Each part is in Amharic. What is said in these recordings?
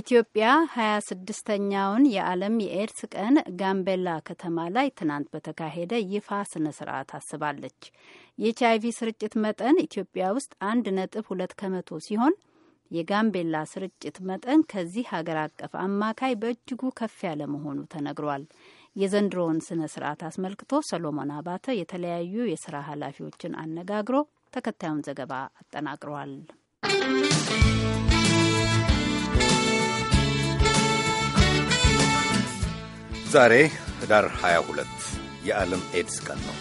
ኢትዮጵያ 26ኛውን የዓለም የኤድስ ቀን ጋምቤላ ከተማ ላይ ትናንት በተካሄደ ይፋ ስነ ስርዓት አስባለች። የኤች አይቪ ስርጭት መጠን ኢትዮጵያ ውስጥ አንድ ነጥብ ሁለት ከመቶ ሲሆን የጋምቤላ ስርጭት መጠን ከዚህ ሀገር አቀፍ አማካይ በእጅጉ ከፍ ያለ መሆኑ ተነግሯል። የዘንድሮውን ስነ ስርዓት አስመልክቶ ሰሎሞን አባተ የተለያዩ የስራ ኃላፊዎችን አነጋግሮ ተከታዩን ዘገባ አጠናቅሯል። ዛሬ ህዳር 22 የዓለም ኤድስ ቀን ነው።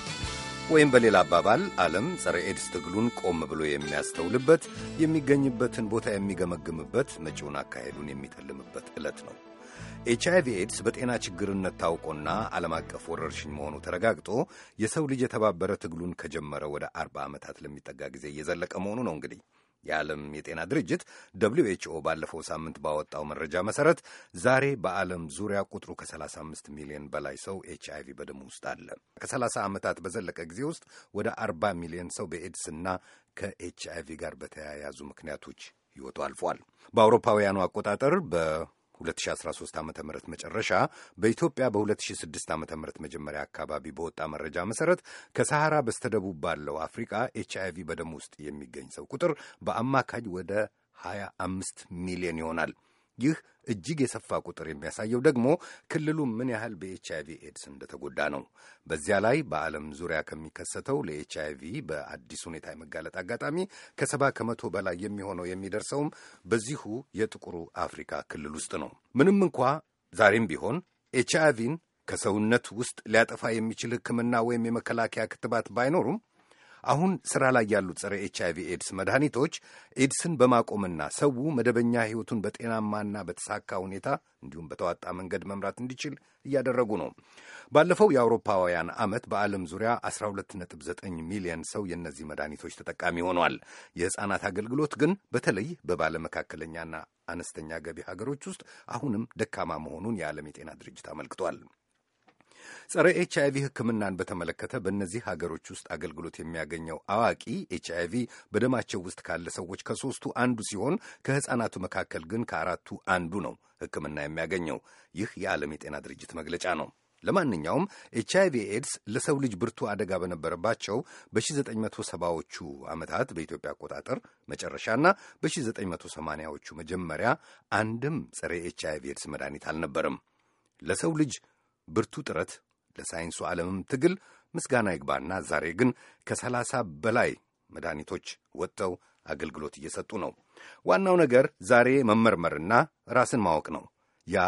ወይም በሌላ አባባል ዓለም ጸረ ኤድስ ትግሉን ቆም ብሎ የሚያስተውልበት፣ የሚገኝበትን ቦታ የሚገመግምበት፣ መጪውን አካሄዱን የሚተልምበት ዕለት ነው። ኤች አይቪ ኤድስ በጤና ችግርነት ታውቆና ዓለም አቀፍ ወረርሽኝ መሆኑ ተረጋግጦ የሰው ልጅ የተባበረ ትግሉን ከጀመረ ወደ አርባ ዓመታት ለሚጠጋ ጊዜ እየዘለቀ መሆኑ ነው እንግዲህ የዓለም የጤና ድርጅት ደብሊው ኤችኦ ባለፈው ሳምንት ባወጣው መረጃ መሰረት ዛሬ በዓለም ዙሪያ ቁጥሩ ከ35 ሚሊዮን በላይ ሰው ኤች አይቪ በደሙ ውስጥ አለ። ከ30 ዓመታት በዘለቀ ጊዜ ውስጥ ወደ 40 ሚሊዮን ሰው በኤድስና ከኤች አይቪ ጋር በተያያዙ ምክንያቶች ሕይወቱ አልፏል። በአውሮፓውያኑ አቆጣጠር በ 2013 ዓ ም መጨረሻ በኢትዮጵያ በ2006 ዓ ም መጀመሪያ አካባቢ በወጣ መረጃ መሰረት ከሰሐራ በስተደቡብ ባለው አፍሪቃ ኤች አይ ቪ በደም ውስጥ የሚገኝ ሰው ቁጥር በአማካኝ ወደ 25 ሚሊዮን ይሆናል። ይህ እጅግ የሰፋ ቁጥር የሚያሳየው ደግሞ ክልሉ ምን ያህል በኤች አይቪ ኤድስ እንደተጎዳ ነው። በዚያ ላይ በዓለም ዙሪያ ከሚከሰተው ለኤች አይቪ በአዲስ ሁኔታ የመጋለጥ አጋጣሚ ከሰባ ከመቶ በላይ የሚሆነው የሚደርሰውም በዚሁ የጥቁሩ አፍሪካ ክልል ውስጥ ነው። ምንም እንኳ ዛሬም ቢሆን ኤች አይቪን ከሰውነት ውስጥ ሊያጠፋ የሚችል ሕክምና ወይም የመከላከያ ክትባት ባይኖሩም አሁን ስራ ላይ ያሉት ጸረ ኤች አይቪ ኤድስ መድኃኒቶች ኤድስን በማቆምና ሰው መደበኛ ህይወቱን በጤናማና በተሳካ ሁኔታ እንዲሁም በተዋጣ መንገድ መምራት እንዲችል እያደረጉ ነው። ባለፈው የአውሮፓውያን ዓመት በዓለም ዙሪያ 129 ሚሊዮን ሰው የእነዚህ መድኃኒቶች ተጠቃሚ ሆኗል። የሕፃናት አገልግሎት ግን በተለይ በባለመካከለኛና አነስተኛ ገቢ ሀገሮች ውስጥ አሁንም ደካማ መሆኑን የዓለም የጤና ድርጅት አመልክቷል። ጸረ ኤች አይቪ ሕክምናን በተመለከተ በእነዚህ ሀገሮች ውስጥ አገልግሎት የሚያገኘው አዋቂ ኤች አይቪ በደማቸው ውስጥ ካለ ሰዎች ከሶስቱ አንዱ ሲሆን ከሕፃናቱ መካከል ግን ከአራቱ አንዱ ነው ሕክምና የሚያገኘው። ይህ የዓለም የጤና ድርጅት መግለጫ ነው። ለማንኛውም ኤች አይቪ ኤድስ ለሰው ልጅ ብርቱ አደጋ በነበረባቸው በ1970ዎቹ ዓመታት በኢትዮጵያ አቆጣጠር መጨረሻና በ1980ዎቹ መጀመሪያ አንድም ጸረ ኤች አይቪ ኤድስ መድኃኒት አልነበርም። ለሰው ልጅ ብርቱ ጥረት ለሳይንሱ ዓለምም ትግል ምስጋና ይግባና ዛሬ ግን ከሰላሳ በላይ መድኃኒቶች ወጥተው አገልግሎት እየሰጡ ነው። ዋናው ነገር ዛሬ መመርመርና ራስን ማወቅ ነው። ያ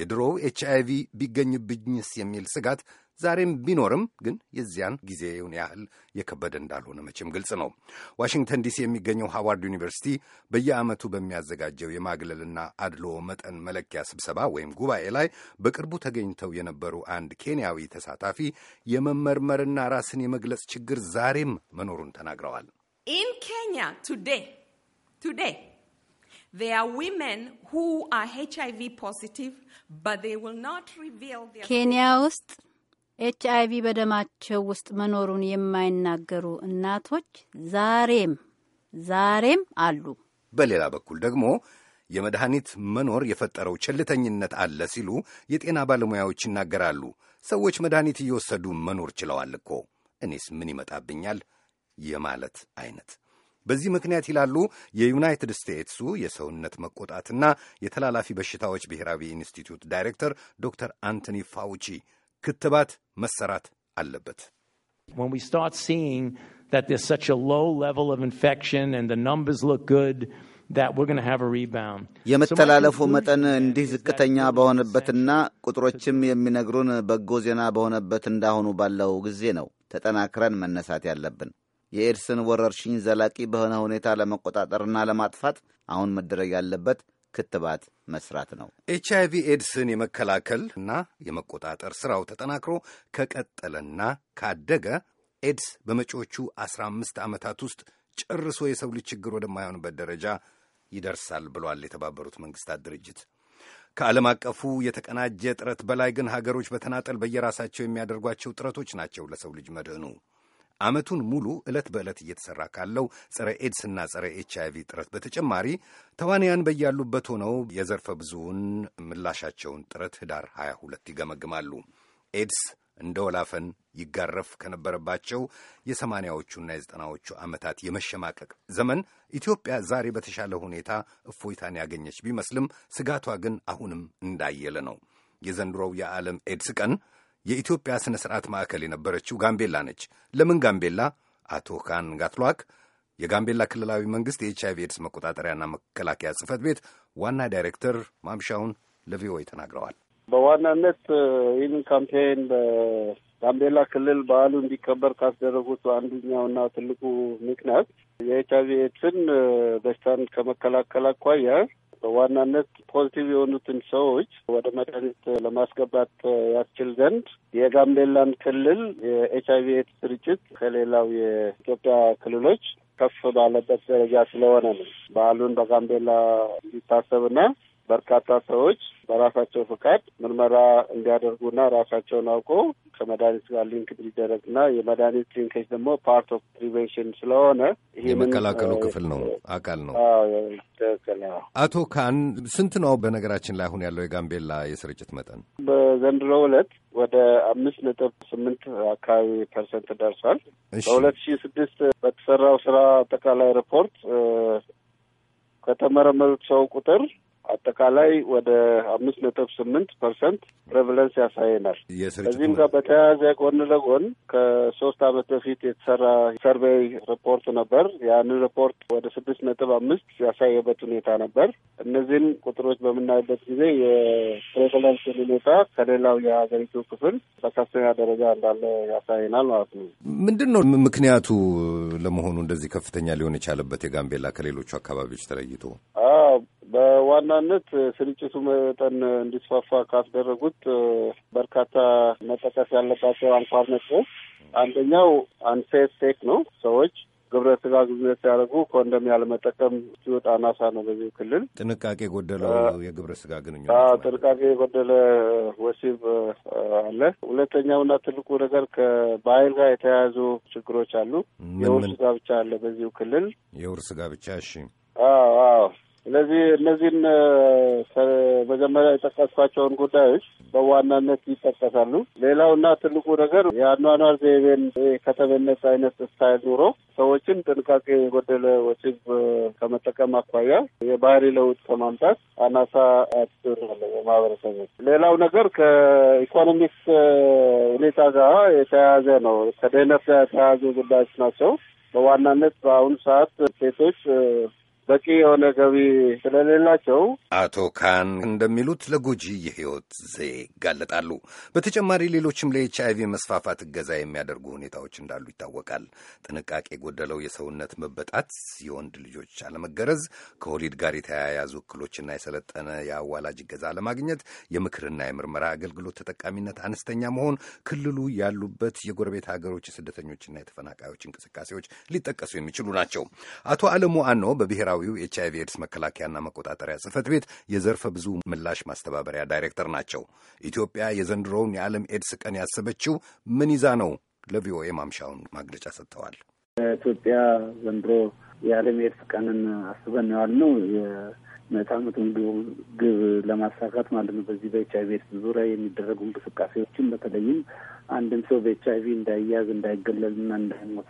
የድሮው ኤች አይቪ ቢገኝብኝስ የሚል ስጋት ዛሬም ቢኖርም ግን የዚያን ጊዜውን ያህል የከበደ እንዳልሆነ መቼም ግልጽ ነው። ዋሽንግተን ዲሲ የሚገኘው ሃዋርድ ዩኒቨርሲቲ በየዓመቱ በሚያዘጋጀው የማግለልና አድሎ መጠን መለኪያ ስብሰባ ወይም ጉባኤ ላይ በቅርቡ ተገኝተው የነበሩ አንድ ኬንያዊ ተሳታፊ የመመርመርና ራስን የመግለጽ ችግር ዛሬም መኖሩን ተናግረዋል። ኢን ኬንያ ቱዴይ ቱዴይ ኬንያ ውስጥ ኤች አይ ቪ በደማቸው ውስጥ መኖሩን የማይናገሩ እናቶች ዛሬም ዛሬም አሉ። በሌላ በኩል ደግሞ የመድኃኒት መኖር የፈጠረው ቸልተኝነት አለ ሲሉ የጤና ባለሙያዎች ይናገራሉ። ሰዎች መድኃኒት እየወሰዱ መኖር ችለዋል እኮ እኔስ ምን ይመጣብኛል የማለት አይነት። በዚህ ምክንያት ይላሉ የዩናይትድ ስቴትሱ የሰውነት መቆጣትና የተላላፊ በሽታዎች ብሔራዊ ኢንስቲትዩት ዳይሬክተር ዶክተር አንቶኒ ፋውቺ ክትባት መሰራት አለበት። የመተላለፉ መጠን እንዲህ ዝቅተኛ በሆነበትና ቁጥሮችም የሚነግሩን በጎ ዜና በሆነበት እንዳሁኑ ባለው ጊዜ ነው ተጠናክረን መነሳት ያለብን። የኤድስን ወረርሽኝ ዘላቂ በሆነ ሁኔታ ለመቆጣጠርና ለማጥፋት አሁን መደረግ ያለበት ክትባት መስራት ነው። ኤች አይ ቪ ኤድስን የመከላከል እና የመቆጣጠር ስራው ተጠናክሮ ከቀጠለና ካደገ ኤድስ በመጪዎቹ አስራ አምስት ዓመታት ውስጥ ጨርሶ የሰው ልጅ ችግር ወደማይሆንበት ደረጃ ይደርሳል ብሏል የተባበሩት መንግስታት ድርጅት። ከዓለም አቀፉ የተቀናጀ ጥረት በላይ ግን ሀገሮች በተናጠል በየራሳቸው የሚያደርጓቸው ጥረቶች ናቸው ለሰው ልጅ መድህኑ ዓመቱን ሙሉ ዕለት በዕለት እየተሠራ ካለው ጸረ ኤድስና ጸረ ኤች አይቪ ጥረት በተጨማሪ ተዋንያን በያሉበት ሆነው የዘርፈ ብዙውን ምላሻቸውን ጥረት ህዳር 22 ይገመግማሉ። ኤድስ እንደ ወላፈን ይጋረፍ ከነበረባቸው የሰማንያዎቹና የዘጠናዎቹ ዓመታት የመሸማቀቅ ዘመን ኢትዮጵያ ዛሬ በተሻለ ሁኔታ እፎይታን ያገኘች ቢመስልም ስጋቷ ግን አሁንም እንዳየለ ነው። የዘንድሮው የዓለም ኤድስ ቀን የኢትዮጵያ ሥነ ሥርዓት ማዕከል የነበረችው ጋምቤላ ነች። ለምን ጋምቤላ? አቶ ካን ጋትሏክ የጋምቤላ ክልላዊ መንግሥት የኤች አይቪ ኤድስ መቆጣጠሪያና መከላከያ ጽህፈት ቤት ዋና ዳይሬክተር ማምሻውን ለቪኦኤ ተናግረዋል። በዋናነት ይህን ካምፔን በጋምቤላ ክልል በዓሉ እንዲከበር ካስደረጉት አንዱኛውና ትልቁ ምክንያት የኤች አይቪ ኤድስን በሽታን ከመከላከል አኳያ በዋናነት ፖዚቲቭ የሆኑትን ሰዎች ወደ መድኃኒት ለማስገባት ያስችል ዘንድ የጋምቤላን ክልል የኤች አይቪ ኤድስ ስርጭት ከሌላው የኢትዮጵያ ክልሎች ከፍ ባለበት ደረጃ ስለሆነ ነው በዓሉን በጋምቤላ እንዲታሰብና በርካታ ሰዎች በራሳቸው ፍቃድ ምርመራ እንዲያደርጉና ራሳቸውን አውቆ ከመድኃኒት ጋር ሊንክ እንዲደረግና የመድኃኒት ሊንኬጅ ደግሞ ፓርት ኦፍ ፕሪቬንሽን ስለሆነ የመከላከሉ ክፍል ነው አካል ነው። አቶ ካን ስንት ነው በነገራችን ላይ አሁን ያለው የጋምቤላ የስርጭት መጠን? በዘንድሮ ዕለት ወደ አምስት ነጥብ ስምንት አካባቢ ፐርሰንት ደርሷል። በሁለት ሺ ስድስት በተሰራው ስራ አጠቃላይ ሪፖርት ከተመረመሩት ሰው ቁጥር አጠቃላይ ወደ አምስት ነጥብ ስምንት ፐርሰንት ፕሬቨለንስ ያሳየናል። ከዚህም ጋር በተያያዘ ጎን ለጎን ከሶስት አመት በፊት የተሰራ ሰርቬይ ሪፖርት ነበር። ያንን ሪፖርት ወደ ስድስት ነጥብ አምስት ያሳየበት ሁኔታ ነበር። እነዚህን ቁጥሮች በምናይበት ጊዜ የፕሬቨለንስ ሁኔታ ከሌላው የሀገሪቱ ክፍል በከፍተኛ ደረጃ እንዳለ ያሳየናል ማለት ነው። ምንድን ነው ምክንያቱ ለመሆኑ እንደዚህ ከፍተኛ ሊሆን የቻለበት የጋምቤላ ከሌሎቹ አካባቢዎች ተለይቶ? በዋናነት ስርጭቱ መጠን እንዲስፋፋ ካስደረጉት በርካታ መጠቀስ ያለባቸው አንኳር ነጥቦች አንደኛው አንሴፍ ቴክ ነው። ሰዎች ግብረ ስጋ ግንኙነት ሲያደርጉ ኮንደም ያለመጠቀም ሲወጣ አናሳ ነው። በዚህ ክልል ጥንቃቄ ጎደለ የግብረ ስጋ ግንኙነት ጥንቃቄ የጎደለ ወሲብ አለ። ሁለተኛውና ትልቁ ነገር ከባህል ጋር የተያያዙ ችግሮች አሉ። የውርስ ጋብቻ አለ። በዚሁ ክልል የውርስ ጋብቻ እሺ ስለዚህ እነዚህን መጀመሪያ የጠቀስኳቸውን ጉዳዮች በዋናነት ይጠቀሳሉ። እና ትልቁ ነገር የአኗኗር ዘይቤን ከተሜነት አይነት ስታይል ኑሮ ሰዎችን ጥንቃቄ የጎደለ ወሲብ ከመጠቀም አኳያ የባህሪ ለውጥ ከማምጣት አናሳ አትር አለ በማህበረሰቦች። ሌላው ነገር ከኢኮኖሚክስ ሁኔታ ጋር የተያያዘ ነው። ከደህነት ጋር የተያያዙ ጉዳዮች ናቸው። በዋናነት በአሁኑ ሰዓት ሴቶች በቂ የሆነ ገቢ ስለሌላቸው አቶ ካን እንደሚሉት ለጎጂ የህይወት ዘዬ ይጋለጣሉ። በተጨማሪ ሌሎችም ለኤች አይቪ መስፋፋት እገዛ የሚያደርጉ ሁኔታዎች እንዳሉ ይታወቃል። ጥንቃቄ የጎደለው የሰውነት መበጣት፣ የወንድ ልጆች አለመገረዝ፣ ከወሊድ ጋር የተያያዙ እክሎችና የሰለጠነ የአዋላጅ እገዛ አለማግኘት፣ የምክርና የምርመራ አገልግሎት ተጠቃሚነት አነስተኛ መሆን፣ ክልሉ ያሉበት የጎረቤት ሀገሮች የስደተኞችና የተፈናቃዮች እንቅስቃሴዎች ሊጠቀሱ የሚችሉ ናቸው። አቶ አለሙ አኖ በብሔራ ብሔራዊው ኤች አይቪ ኤድስ መከላከያና መቆጣጠሪያ ጽህፈት ቤት የዘርፈ ብዙ ምላሽ ማስተባበሪያ ዳይሬክተር ናቸው። ኢትዮጵያ የዘንድሮውን የዓለም ኤድስ ቀን ያሰበችው ምን ይዛ ነው? ለቪኦኤ ማምሻውን ማግለጫ ሰጥተዋል። ኢትዮጵያ ዘንድሮ የዓለም ኤድስ ቀንን አስበን ነው ያልነው ምዕተ ዓመቱን ግብ ለማሳካት ማለት ነው። በዚህ በኤች አይቪ ኤድስ ዙሪያ የሚደረጉ እንቅስቃሴዎችን በተለይም አንድም ሰው በኤች አይቪ እንዳይያዝ እንዳይገለልና እንዳይሞት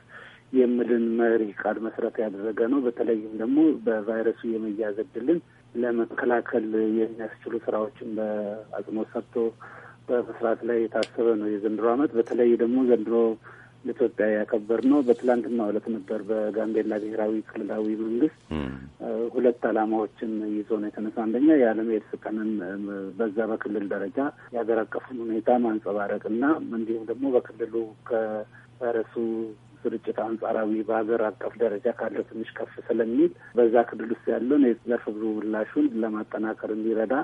የሚልን መሪ ቃል መሰረት ያደረገ ነው። በተለይም ደግሞ በቫይረሱ የመያዝ እድልን ለመከላከል የሚያስችሉ ስራዎችን በአጽንኦት ሰጥቶ በመስራት ላይ የታሰበ ነው የዘንድሮ ዓመት። በተለይ ደግሞ ዘንድሮ ለኢትዮጵያ ያከበር ነው። በትላንትና ዕለት ነበር በጋምቤላ ብሔራዊ ክልላዊ መንግስት ሁለት አላማዎችን ይዞ ነው የተነሳ። አንደኛ የዓለም ኤድስ ቀንን በዛ በክልል ደረጃ ያገራቀፉን ሁኔታ ማንጸባረቅ እና እንዲሁም ደግሞ በክልሉ ከቫይረሱ ስርጭት አንጻራዊ በሀገር አቀፍ ደረጃ ካለው ትንሽ ከፍ ስለሚል በዛ ክልል ውስጥ ያለውን የዘርፍ ብዙ ምላሹን ለማጠናከር እንዲረዳ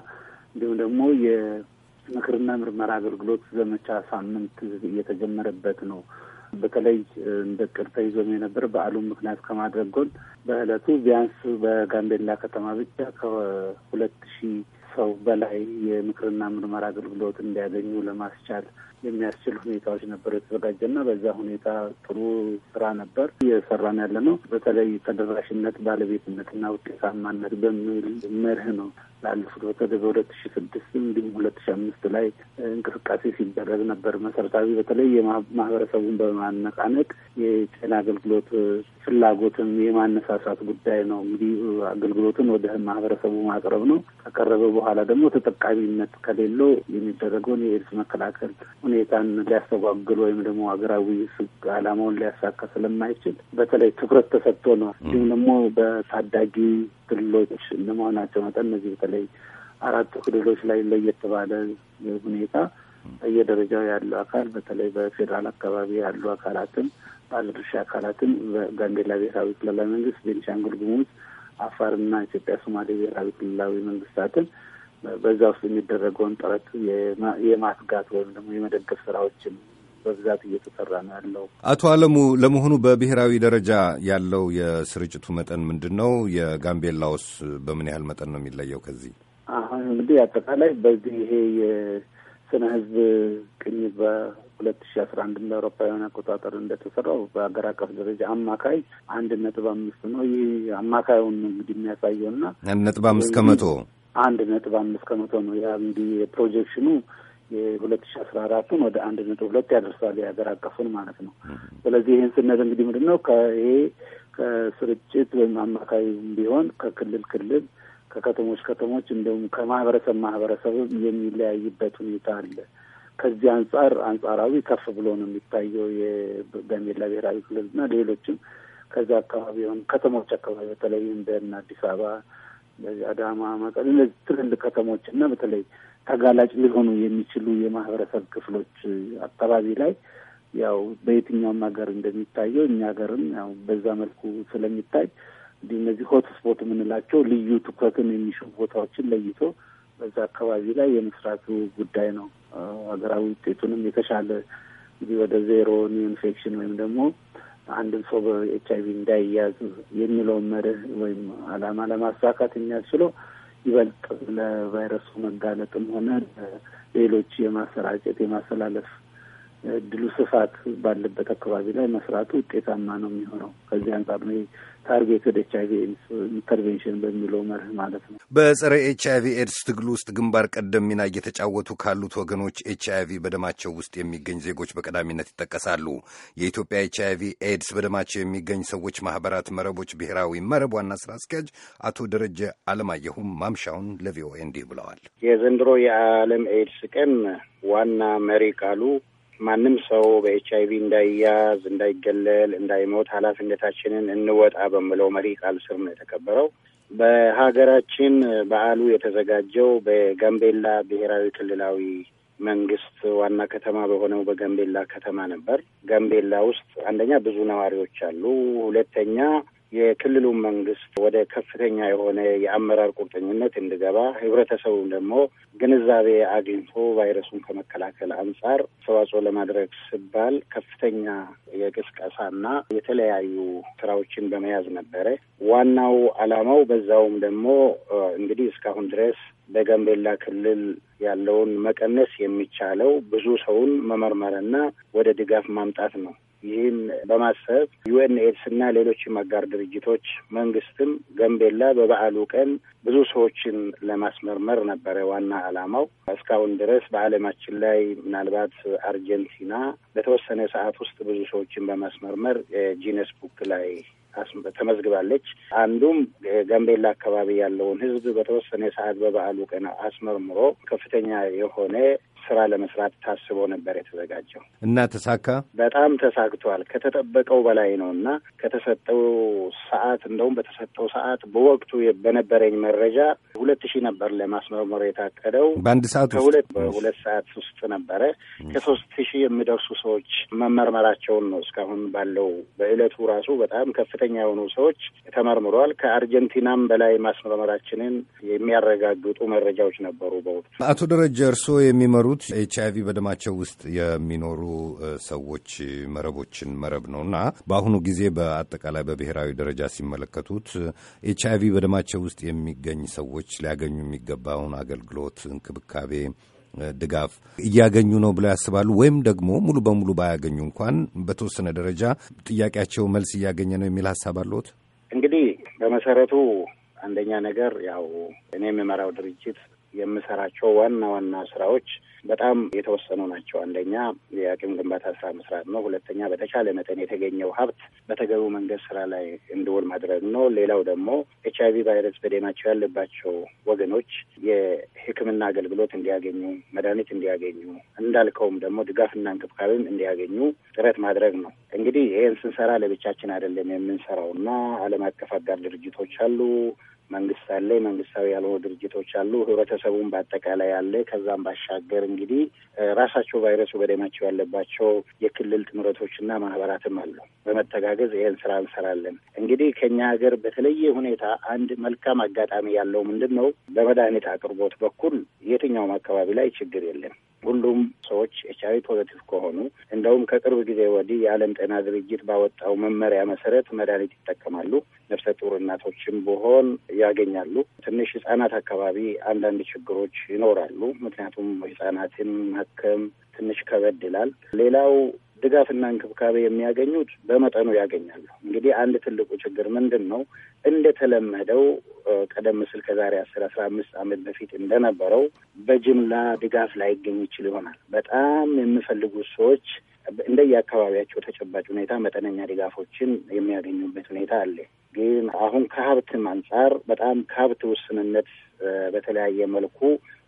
እንዲሁም ደግሞ የምክርና ምርመራ አገልግሎት ዘመቻ ሳምንት እየተጀመረበት ነው። በተለይ እንደ ቅር ተይዞም የነበር በዓሉን ምክንያት ከማድረግ ጎን በእለቱ ቢያንስ በጋምቤላ ከተማ ብቻ ከሁለት ሺህ ሰው በላይ የምክርና ምርመራ አገልግሎት እንዲያገኙ ለማስቻል የሚያስችል ሁኔታዎች ነበር የተዘጋጀና በዛ ሁኔታ ጥሩ ስራ ነበር እየሰራን ያለ ነው። በተለይ ተደራሽነት፣ ባለቤትነትና ውጤታማነት በሚል መርህ ነው ላለፉት በተለይ በሁለት ሺ ስድስት እንዲሁም ሁለት ሺ አምስት ላይ እንቅስቃሴ ሲደረግ ነበር። መሰረታዊ በተለይ ማህበረሰቡን በማነቃነቅ የጤና አገልግሎት ፍላጎትን የማነሳሳት ጉዳይ ነው። እንግዲህ አገልግሎትን ወደ ማህበረሰቡ ማቅረብ ነው። ከቀረበ በኋላ ደግሞ ተጠቃሚነት ከሌለው የሚደረገውን የኤድስ መከላከል ሁኔታን ሊያስተጓግል ወይም ደግሞ ሀገራዊ አላማውን ሊያሳካ ስለማይችል በተለይ ትኩረት ተሰጥቶ ነው። እንዲሁም ደግሞ በታዳጊ ክልሎች እንደመሆናቸው መጠን እነዚህ በተለይ አራቱ ክልሎች ላይ ለየት ባለ ሁኔታ በየደረጃው ያለው አካል በተለይ በፌዴራል አካባቢ ያሉ አካላትን ባለድርሻ አካላትን በጋምቤላ ብሔራዊ ክልላዊ መንግስት፣ ቤንሻንጉል ጉሙዝ፣ አፋርና ኢትዮጵያ ሶማሌ ብሔራዊ ክልላዊ መንግስታትን በዛ ውስጥ የሚደረገውን ጥረት የማትጋት ወይም ደግሞ የመደገፍ ስራዎችን በብዛት እየተሰራ ነው ያለው። አቶ አለሙ፣ ለመሆኑ በብሔራዊ ደረጃ ያለው የስርጭቱ መጠን ምንድን ነው? የጋምቤላውስ በምን ያህል መጠን ነው የሚለየው? ከዚህ አሁን እንግዲህ አጠቃላይ በዚህ ይሄ የስነ ህዝብ ቅኝ በሁለት ሺ አስራ አንድ እንደ አውሮፓውያን አቆጣጠር እንደተሰራው በሀገር አቀፍ ደረጃ አማካይ አንድ ነጥብ አምስት ነው። ይህ አማካዩን እንግዲህ የሚያሳየውና አንድ ነጥብ አምስት ከመቶ አንድ ነጥብ አምስት ከመቶ ነው። የአብንዲ የፕሮጀክሽኑ የሁለት ሺ አስራ አራቱን ወደ አንድ ነጥብ ሁለት ያደርሳል የሀገር አቀፉን ማለት ነው። ስለዚህ ይህን ስነት እንግዲህ ምንድን ነው ከይሄ ከስርጭት ወይም አማካይ ቢሆን ከክልል ክልል ከከተሞች ከተሞች እንዲሁም ከማህበረሰብ ማህበረሰብ የሚለያይበት ሁኔታ አለ። ከዚህ አንጻር አንጻራዊ ከፍ ብሎ ነው የሚታየው የጋምቤላ ብሔራዊ ክልልና ሌሎችም ከዛ አካባቢ የሆኑ ከተሞች አካባቢ በተለይ እንደ አዲስ አበባ እንደዚህ አዳማ፣ መቀሌ እነዚህ ትልልቅ ከተሞች እና በተለይ ተጋላጭ ሊሆኑ የሚችሉ የማህበረሰብ ክፍሎች አካባቢ ላይ ያው በየትኛውም ሀገር እንደሚታየው እኛ ሀገርም ያው በዛ መልኩ ስለሚታይ እንዲህ እነዚህ ሆት ስፖት የምንላቸው ልዩ ትኩረትን የሚሹ ቦታዎችን ለይቶ በዛ አካባቢ ላይ የመስራቱ ጉዳይ ነው። ሀገራዊ ውጤቱንም የተሻለ ወደ ዜሮ ኢንፌክሽን ወይም ደግሞ አንድም ሰው በኤች አይቪ እንዳይያዝ የሚለውን መርህ ወይም አላማ ለማሳካት የሚያስችለው ይበልጥ ለቫይረሱ መጋለጥም ሆነ ሌሎች የማሰራጨት የማስተላለፍ እድሉ ስፋት ባለበት አካባቢ ላይ መስራቱ ውጤታማ ነው የሚሆነው። ከዚህ አንጻር ነው ታርጌት ወደ ኤች አይቪ ኤድስ ኢንተርቬንሽን በሚለው መርህ ማለት ነው። በጸረ ኤች አይቪ ኤድስ ትግል ውስጥ ግንባር ቀደም ሚና እየተጫወቱ ካሉት ወገኖች ኤች አይቪ በደማቸው ውስጥ የሚገኝ ዜጎች በቀዳሚነት ይጠቀሳሉ። የኢትዮጵያ ኤች አይቪ ኤድስ በደማቸው የሚገኝ ሰዎች ማህበራት መረቦች ብሔራዊ መረብ ዋና ስራ አስኪያጅ አቶ ደረጀ አለማየሁም ማምሻውን ለቪኦኤ እንዲህ ብለዋል። የዘንድሮ የዓለም ኤድስ ቀን ዋና መሪ ቃሉ ማንም ሰው በኤች አይቪ እንዳይያዝ፣ እንዳይገለል፣ እንዳይሞት ኃላፊነታችንን እንወጣ በምለው መሪ ቃል ስር ነው የተከበረው። በሀገራችን በዓሉ የተዘጋጀው በጋምቤላ ብሔራዊ ክልላዊ መንግስት ዋና ከተማ በሆነው በጋምቤላ ከተማ ነበር። ጋምቤላ ውስጥ አንደኛ ብዙ ነዋሪዎች አሉ፣ ሁለተኛ የክልሉ መንግስት ወደ ከፍተኛ የሆነ የአመራር ቁርጠኝነት እንዲገባ ህብረተሰቡም ደግሞ ግንዛቤ አግኝቶ ቫይረሱን ከመከላከል አንጻር አስተዋጽኦ ለማድረግ ሲባል ከፍተኛ የቅስቀሳና የተለያዩ ስራዎችን በመያዝ ነበረ ዋናው አላማው። በዛውም ደግሞ እንግዲህ እስካሁን ድረስ በጋምቤላ ክልል ያለውን መቀነስ የሚቻለው ብዙ ሰውን መመርመርና ወደ ድጋፍ ማምጣት ነው። ይህን በማሰብ ዩኤን ኤድስ እና ሌሎችም አጋር ድርጅቶች መንግስትም ገንቤላ በበዓሉ ቀን ብዙ ሰዎችን ለማስመርመር ነበረ ዋና ዓላማው። እስካሁን ድረስ በዓለማችን ላይ ምናልባት አርጀንቲና በተወሰነ ሰዓት ውስጥ ብዙ ሰዎችን በማስመርመር ጂነስ ቡክ ላይ ተመዝግባለች። አንዱም ገንቤላ አካባቢ ያለውን ህዝብ በተወሰነ ሰዓት በበዓሉ ቀን አስመርምሮ ከፍተኛ የሆነ ስራ ለመስራት ታስቦ ነበር የተዘጋጀው እና ተሳካ። በጣም ተሳክቷል። ከተጠበቀው በላይ ነው እና ከተሰጠው ሰዓት እንደውም በተሰጠው ሰዓት በወቅቱ በነበረኝ መረጃ ሁለት ሺህ ነበር ለማስመርመር የታቀደው በአንድ ሰዓት ከሁለት በሁለት ሰዓት ውስጥ ነበረ። ከሶስት ሺህ የሚደርሱ ሰዎች መመርመራቸውን ነው እስካሁን ባለው በእለቱ ራሱ በጣም ከፍተኛ የሆኑ ሰዎች ተመርምረዋል። ከአርጀንቲናም በላይ ማስመርመራችንን የሚያረጋግጡ መረጃዎች ነበሩ በወቅቱ። አቶ ደረጀ እርስዎ የሚመሩት ያሉት ኤች አይቪ በደማቸው ውስጥ የሚኖሩ ሰዎች መረቦችን መረብ ነው እና በአሁኑ ጊዜ በአጠቃላይ በብሔራዊ ደረጃ ሲመለከቱት ኤች አይቪ በደማቸው ውስጥ የሚገኝ ሰዎች ሊያገኙ የሚገባውን አገልግሎት፣ እንክብካቤ ድጋፍ እያገኙ ነው ብለው ያስባሉ? ወይም ደግሞ ሙሉ በሙሉ ባያገኙ እንኳን በተወሰነ ደረጃ ጥያቄያቸው መልስ እያገኘ ነው የሚል ሀሳብ አለዎት? እንግዲህ በመሰረቱ አንደኛ ነገር ያው እኔ የምመራው ድርጅት የምሰራቸው ዋና ዋና ስራዎች በጣም የተወሰኑ ናቸው። አንደኛ የአቅም ግንባታ ስራ መስራት ነው። ሁለተኛ በተቻለ መጠን የተገኘው ሀብት በተገቢው መንገድ ስራ ላይ እንዲውል ማድረግ ነው። ሌላው ደግሞ ኤች አይቪ ቫይረስ በደማቸው ያለባቸው ወገኖች የሕክምና አገልግሎት እንዲያገኙ፣ መድኃኒት እንዲያገኙ፣ እንዳልከውም ደግሞ ድጋፍና እንክብካቤም እንዲያገኙ ጥረት ማድረግ ነው። እንግዲህ ይህን ስንሰራ ለብቻችን አይደለም የምንሰራው እና ዓለም አቀፍ አጋር ድርጅቶች አሉ መንግስት አለ፣ መንግስታዊ ያልሆኑ ድርጅቶች አሉ፣ ህብረተሰቡን በአጠቃላይ አለ። ከዛም ባሻገር እንግዲህ ራሳቸው ቫይረሱ በደማቸው ያለባቸው የክልል ጥምረቶችና ማህበራትም አሉ። በመተጋገዝ ይህን ስራ እንሰራለን። እንግዲህ ከኛ ሀገር በተለየ ሁኔታ አንድ መልካም አጋጣሚ ያለው ምንድን ነው? በመድኃኒት አቅርቦት በኩል የትኛውም አካባቢ ላይ ችግር የለም። ሁሉም ሰዎች ኤች አይቪ ፖዘቲቭ ከሆኑ እንደውም ከቅርብ ጊዜ ወዲህ የዓለም ጤና ድርጅት ባወጣው መመሪያ መሰረት መድኃኒት ይጠቀማሉ። ነፍሰ ጡር እናቶችም ብሆን ያገኛሉ። ትንሽ ህጻናት አካባቢ አንዳንድ ችግሮች ይኖራሉ። ምክንያቱም ህጻናትን ማከም ትንሽ ከበድ ይላል። ሌላው ድጋፍና እንክብካቤ የሚያገኙት በመጠኑ ያገኛሉ። እንግዲህ አንድ ትልቁ ችግር ምንድን ነው? እንደተለመደው ቀደም ሲል ከዛሬ አስር አስራ አምስት ዓመት በፊት እንደነበረው በጅምላ ድጋፍ ላይገኝ ይችል ይሆናል። በጣም የሚፈልጉት ሰዎች እንደየአካባቢያቸው ተጨባጭ ሁኔታ መጠነኛ ድጋፎችን የሚያገኙበት ሁኔታ አለ። ግን አሁን ከሀብትም አንጻር በጣም ከሀብት ውስንነት በተለያየ መልኩ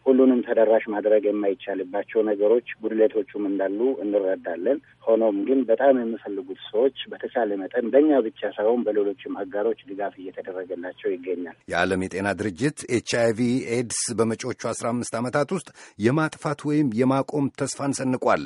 ሁሉንም ተደራሽ ማድረግ የማይቻልባቸው ነገሮች ጉድለቶቹም እንዳሉ እንረዳለን። ሆኖም ግን በጣም የሚፈልጉት ሰዎች በተቻለ መጠን በእኛ ብቻ ሳይሆን በሌሎችም አጋሮች ድጋፍ እየተደረገላቸው ይገኛል። የዓለም የጤና ድርጅት ኤች አይቪ ኤድስ በመጪዎቹ አስራ አምስት ዓመታት ውስጥ የማጥፋት ወይም የማቆም ተስፋን ሰንቋል።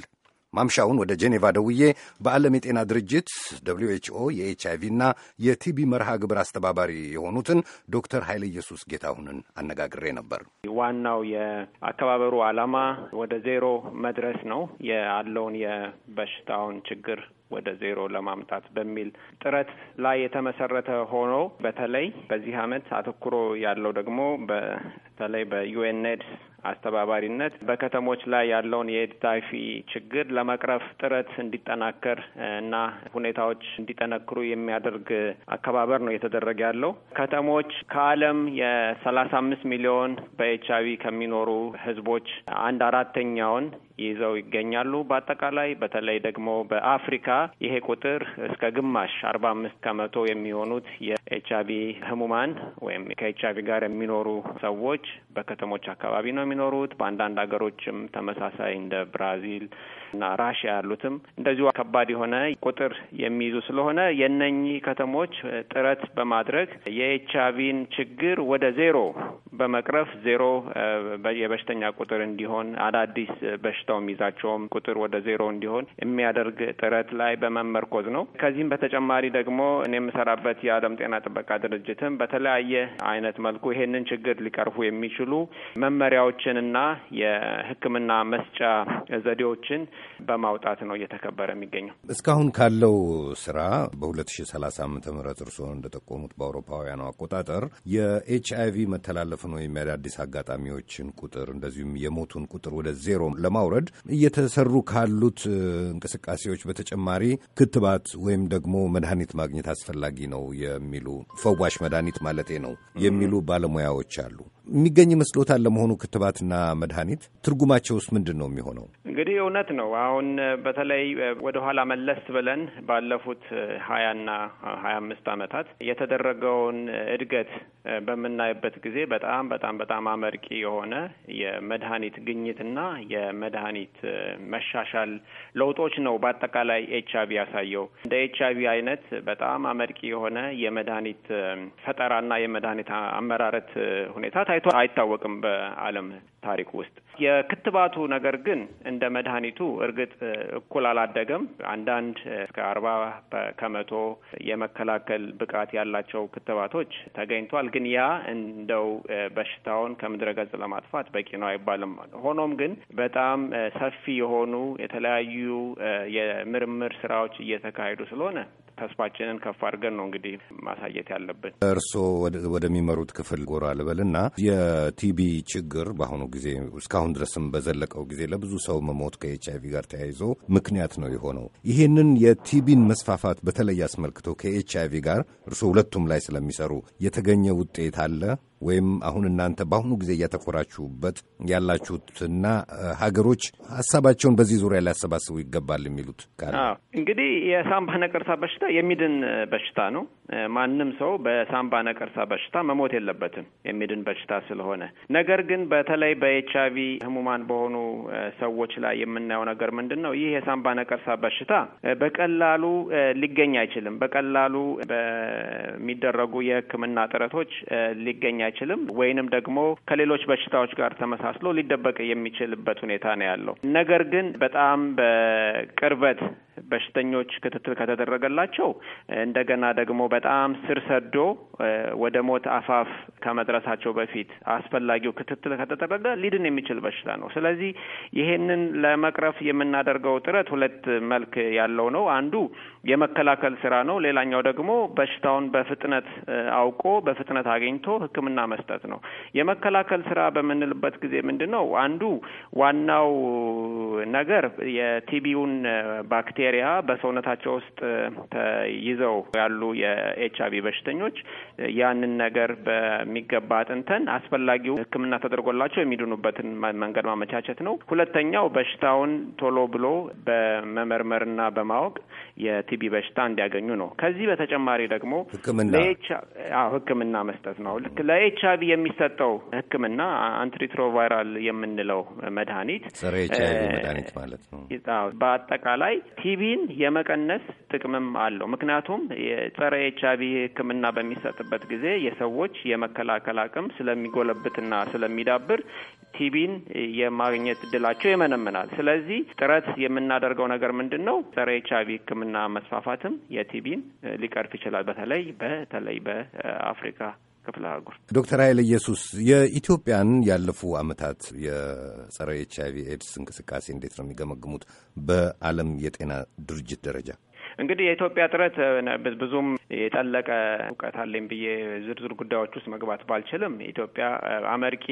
ማምሻውን ወደ ጄኔቫ ደውዬ በዓለም የጤና ድርጅት ደብሊው ኤችኦ የኤች እና የቲቢ መርሃ ግብር አስተባባሪ የሆኑትን ዶክተር ኃይለ ኢየሱስ ጌታሁንን አነጋግሬ ነበር። ዋናው የአከባበሩ ዓላማ ወደ ዜሮ መድረስ ነው ያለውን የበሽታውን ችግር ወደ ዜሮ ለማምጣት በሚል ጥረት ላይ የተመሰረተ ሆኖ በተለይ በዚህ አመት አተኩሮ ያለው ደግሞ በተለይ በዩኤንኤድ አስተባባሪነት በከተሞች ላይ ያለውን የኤድታይፊ ችግር ለመቅረፍ ጥረት እንዲጠናከር እና ሁኔታዎች እንዲጠነክሩ የሚያደርግ አከባበር ነው እየተደረገ ያለው። ከተሞች ከዓለም የሰላሳ አምስት ሚሊዮን በኤች አይቪ ከሚኖሩ ህዝቦች አንድ አራተኛውን ይዘው ይገኛሉ። በአጠቃላይ በተለይ ደግሞ በአፍሪካ ይሄ ቁጥር እስከ ግማሽ አርባ አምስት ከመቶ የሚሆኑት የኤች አይቪ ህሙማን ወይም ከኤች አይቪ ጋር የሚኖሩ ሰዎች በከተሞች አካባቢ ነው የሚኖሩት። በአንዳንድ ሀገሮችም ተመሳሳይ እንደ ብራዚል እና ራሽያ ያሉትም እንደዚሁ ከባድ የሆነ ቁጥር የሚይዙ ስለሆነ የነኚህ ከተሞች ጥረት በማድረግ የኤች አይቪን ችግር ወደ ዜሮ በመቅረፍ ዜሮ የበሽተኛ ቁጥር እንዲሆን አዳዲስ በሽታው የሚይዛቸውም ቁጥር ወደ ዜሮ እንዲሆን የሚያደርግ ጥረት ላይ በመመርኮዝ ነው። ከዚህም በተጨማሪ ደግሞ እኔ የምሰራበት የዓለም ጤና ጥበቃ ድርጅትም በተለያየ አይነት መልኩ ይሄንን ችግር ሊቀርፉ የሚችሉ መመሪያዎችንና የሕክምና መስጫ ዘዴዎችን በማውጣት ነው እየተከበረ የሚገኘው። እስካሁን ካለው ስራ በ2030 ዓ ም እርስዎ እንደጠቆሙት በአውሮፓውያኑ አቆጣጠር የኤች አይ ቪ መተላለፍን ወይም የአዳዲስ አጋጣሚዎችን ቁጥር እንደዚሁም የሞቱን ቁጥር ወደ ዜሮ ለማውረድ እየተሰሩ ካሉት እንቅስቃሴዎች በተጨማሪ ክትባት ወይም ደግሞ መድኃኒት ማግኘት አስፈላጊ ነው የሚሉ ፈዋሽ መድኃኒት ማለቴ ነው የሚሉ ባለሙያዎች አሉ። የሚገኝ መስሎታል? ለመሆኑ ክትባትና መድኃኒት ትርጉማቸውስ ምንድን ነው የሚሆነው? እንግዲህ እውነት ነው ነው። አሁን በተለይ ኋላ መለስ ብለን ባለፉት ሀያና ሀያ አምስት አመታት የተደረገውን እድገት በምናይበት ጊዜ በጣም በጣም በጣም አመርቂ የሆነ የመድኃኒት ግኝትና የመድኃኒት መሻሻል ለውጦች ነው በአጠቃላይ ኤች አይቪ ያሳየው። እንደ ኤች አይቪ አይነት በጣም አመርቂ የሆነ የመድኃኒት ፈጠራና የመድኃኒት አመራረት ሁኔታ ታይቶ አይታወቅም በዓለም ታሪክ ውስጥ። የክትባቱ ነገር ግን እንደ መድኃኒቱ እርግጥ እኩል አላደገም። አንዳንድ እስከ አርባ ከመቶ የመከላከል ብቃት ያላቸው ክትባቶች ተገኝቷል። ግን ያ እንደው በሽታውን ከምድረ ገጽ ለማጥፋት በቂ ነው አይባልም። ሆኖም ግን በጣም ሰፊ የሆኑ የተለያዩ የምርምር ስራዎች እየተካሄዱ ስለሆነ ተስፋችንን ከፍ አድርገን ነው እንግዲህ ማሳየት ያለብን። እርስዎ ወደሚመሩት ክፍል ጎራ ልበልና የቲቢ ችግር በአሁኑ ጊዜ እስካሁን ድረስም በዘለቀው ጊዜ ለብዙ ሰው መሞት ከኤች አይቪ ጋር ተያይዞ ምክንያት ነው የሆነው። ይህንን የቲቢን መስፋፋት በተለይ አስመልክቶ ከኤች አይቪ ጋር እርስዎ ሁለቱም ላይ ስለሚሰሩ የተገኘ ውጤት አለ? ወይም አሁን እናንተ በአሁኑ ጊዜ እያተኮራችሁበት ያላችሁትና ሀገሮች ሀሳባቸውን በዚህ ዙሪያ ሊያሰባስቡ ይገባል የሚሉት ካለ እንግዲህ የሳምባ ነቀርሳ በሽታ የሚድን በሽታ ነው። ማንም ሰው በሳምባ ነቀርሳ በሽታ መሞት የለበትም የሚድን በሽታ ስለሆነ። ነገር ግን በተለይ በኤች አይቪ ህሙማን በሆኑ ሰዎች ላይ የምናየው ነገር ምንድን ነው? ይህ የሳምባ ነቀርሳ በሽታ በቀላሉ ሊገኝ አይችልም። በቀላሉ በሚደረጉ የሕክምና ጥረቶች ሊገኝ አይችልም ወይንም ደግሞ ከሌሎች በሽታዎች ጋር ተመሳስሎ ሊደበቅ የሚችልበት ሁኔታ ነው ያለው። ነገር ግን በጣም በቅርበት በሽተኞች ክትትል ከተደረገላቸው እንደገና ደግሞ በጣም ስር ሰዶ ወደ ሞት አፋፍ ከመድረሳቸው በፊት አስፈላጊው ክትትል ከተደረገ ሊድን የሚችል በሽታ ነው። ስለዚህ ይሄንን ለመቅረፍ የምናደርገው ጥረት ሁለት መልክ ያለው ነው። አንዱ የመከላከል ስራ ነው። ሌላኛው ደግሞ በሽታውን በፍጥነት አውቆ በፍጥነት አግኝቶ ሕክምና መስጠት ነው። የመከላከል ስራ በምንልበት ጊዜ ምንድን ነው? አንዱ ዋናው ነገር የቲቢውን ባክቴ ባክቴሪያ በሰውነታቸው ውስጥ ተይዘው ያሉ የኤች አይቪ በሽተኞች ያንን ነገር በሚገባ አጥንተን አስፈላጊው ሕክምና ተደርጎላቸው የሚድኑበትን መንገድ ማመቻቸት ነው። ሁለተኛው በሽታውን ቶሎ ብሎ በመመርመርና በማወቅ የቲቢ በሽታ እንዲያገኙ ነው። ከዚህ በተጨማሪ ደግሞ ህክምና መስጠት ነው። ልክ ለኤች አይቪ የሚሰጠው ህክምና አንትሪትሮቫይራል የምንለው መድኃኒት ጸረ ኤች አይቪ መድኃኒት ማለት ነው። በአጠቃላይ ቲቢን የመቀነስ ጥቅምም አለው። ምክንያቱም የጸረ ኤች አይቪ በሚሰጥበት ጊዜ የሰዎች የመከላከል አቅም ስለሚጎለብትና ስለሚዳብር ቲቢን የማግኘት እድላቸው ይመነምናል። ስለዚህ ጥረት የምናደርገው ነገር ምንድን ነው? ጸረ ኤች አይቪ ህክምና መስፋፋትም የቲቢን ሊቀርፍ ይችላል። በተለይ በተለይ በአፍሪካ ክፍለ አህጉር። ዶክተር ኃይለ ኢየሱስ የኢትዮጵያን ያለፉ አመታት የጸረ ኤች አይቪ ኤድስ እንቅስቃሴ እንዴት ነው የሚገመግሙት በዓለም የጤና ድርጅት ደረጃ? እንግዲህ የኢትዮጵያ ጥረት ብዙም የጠለቀ እውቀት አለኝ ብዬ ዝርዝር ጉዳዮች ውስጥ መግባት ባልችልም ኢትዮጵያ አመርቂ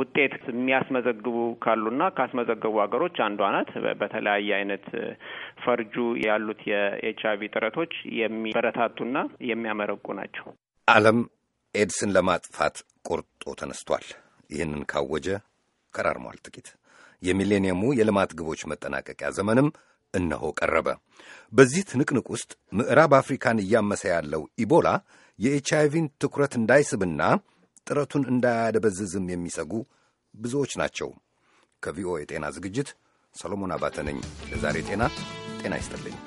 ውጤት የሚያስመዘግቡ ካሉና ካስመዘገቡ ሀገሮች አንዷ ናት። በተለያየ አይነት ፈርጁ ያሉት የኤች አይቪ ጥረቶች የሚበረታቱና የሚያመረቁ ናቸው። ዓለም ኤድስን ለማጥፋት ቆርጦ ተነስቷል። ይህንን ካወጀ ከራርሟል። ጥቂት የሚሌኒየሙ የልማት ግቦች መጠናቀቂያ ዘመንም እነሆ ቀረበ። በዚህ ትንቅንቅ ውስጥ ምዕራብ አፍሪካን እያመሰ ያለው ኢቦላ የኤች አይቪን ትኩረት እንዳይስብና ጥረቱን እንዳያደበዝዝም የሚሰጉ ብዙዎች ናቸው። ከቪኦኤ ጤና ዝግጅት ሰሎሞን አባተ ነኝ። ለዛሬ ጤና ጤና ይስጥልኝ።